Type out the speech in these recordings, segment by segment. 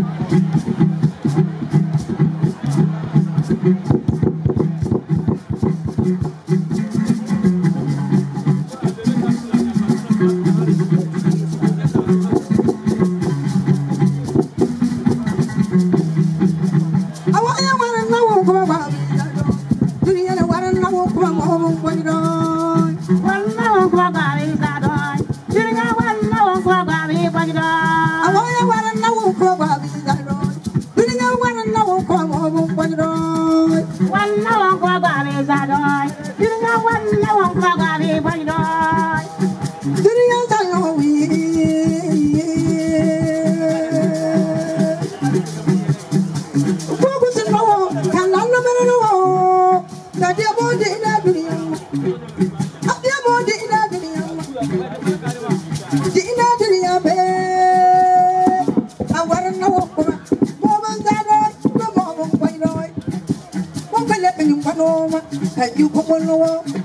って you come along.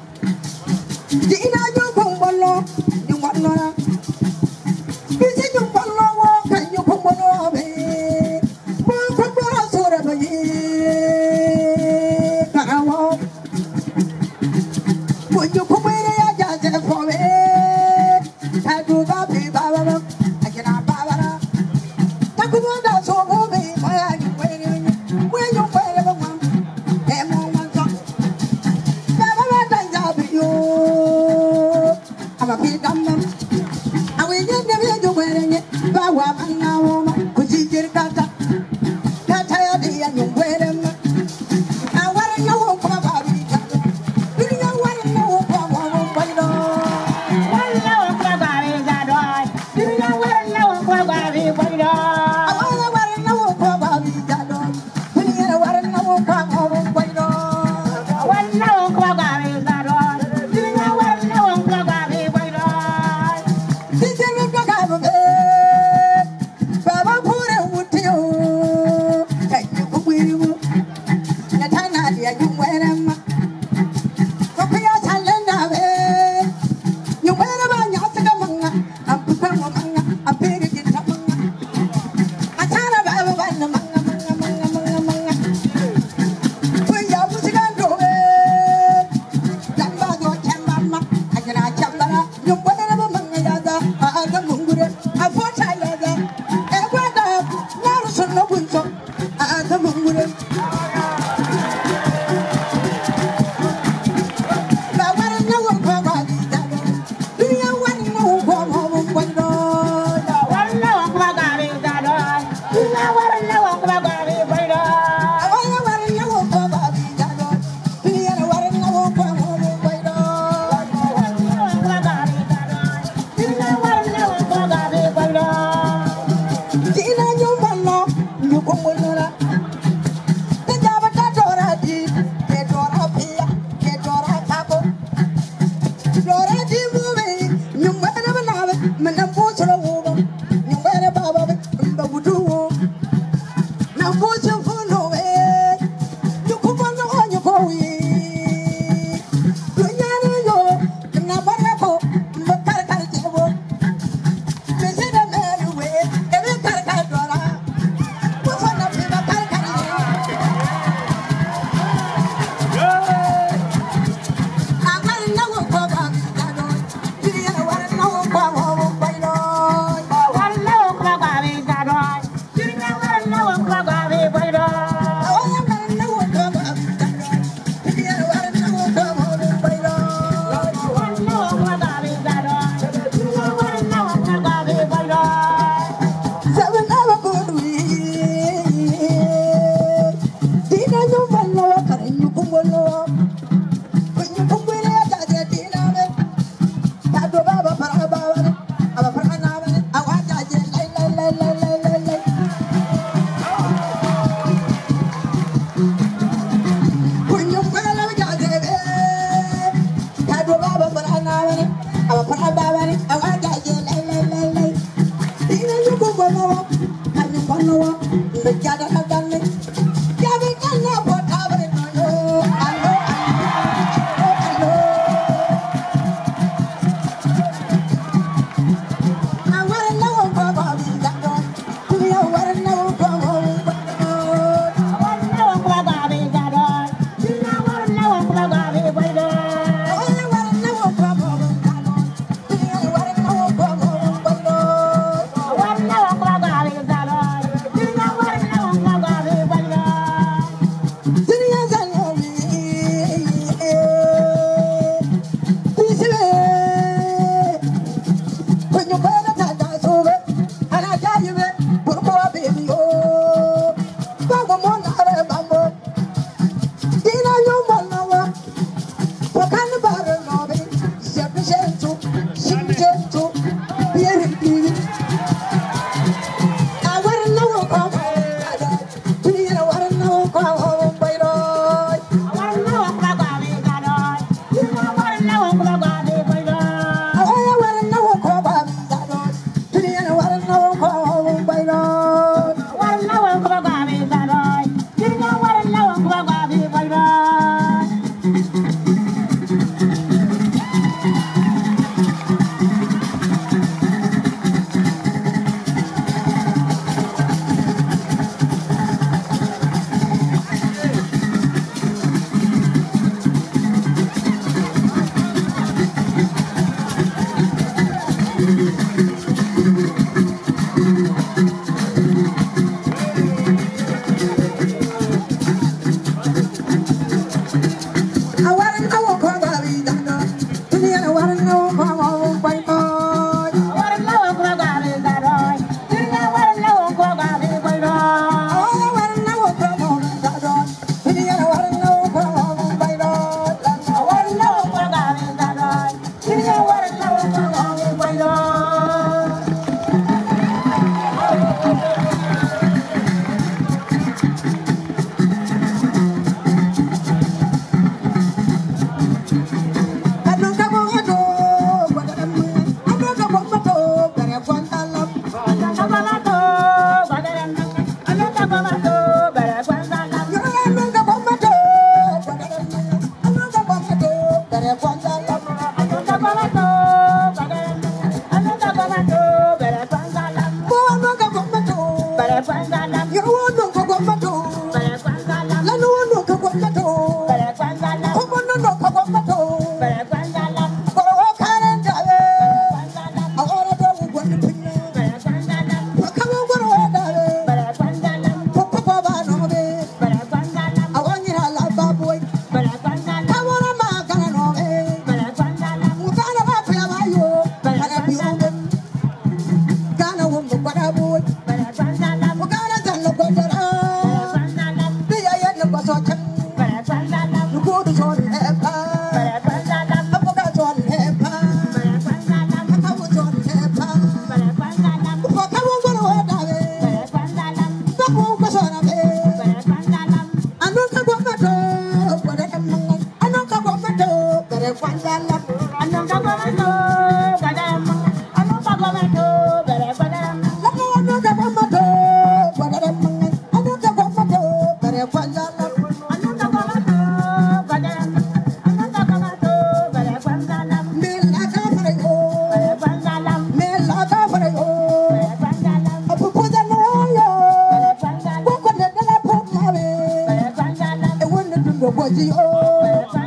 Oh,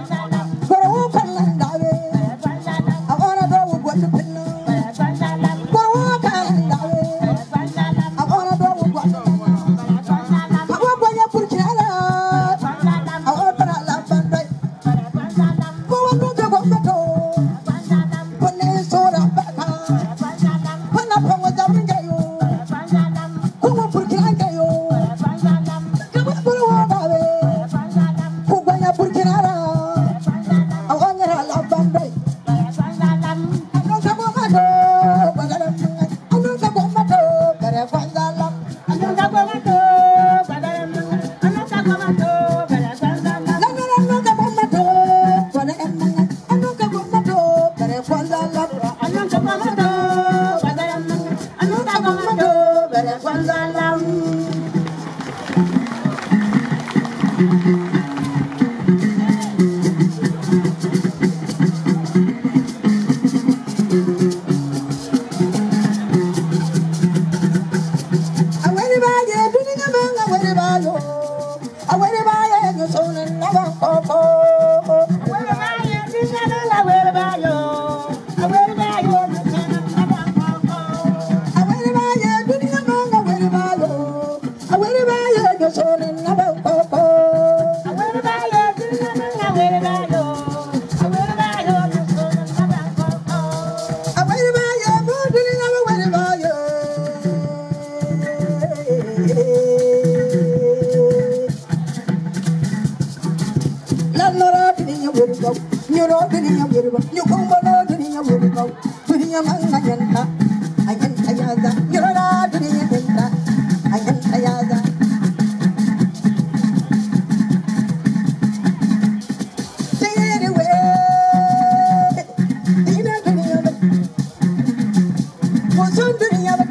Bütün dünya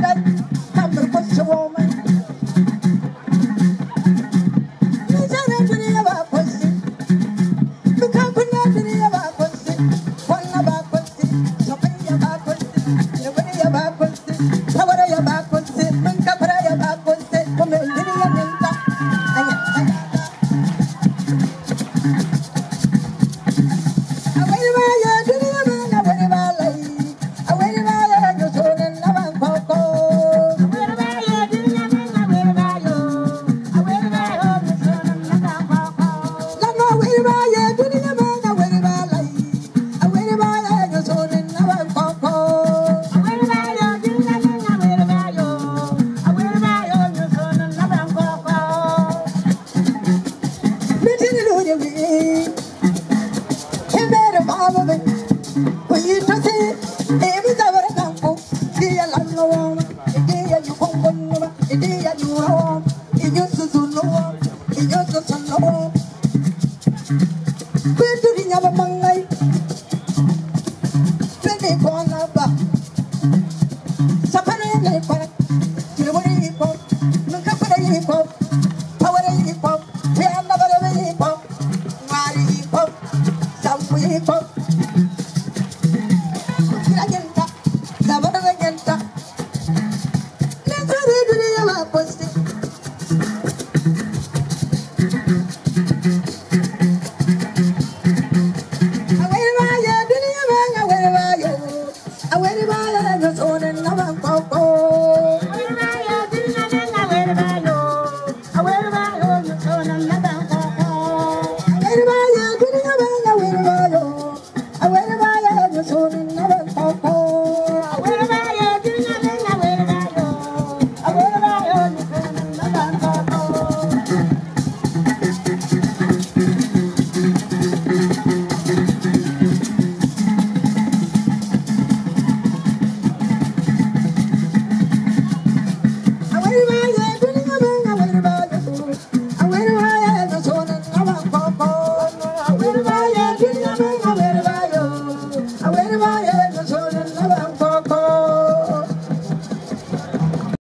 rather it.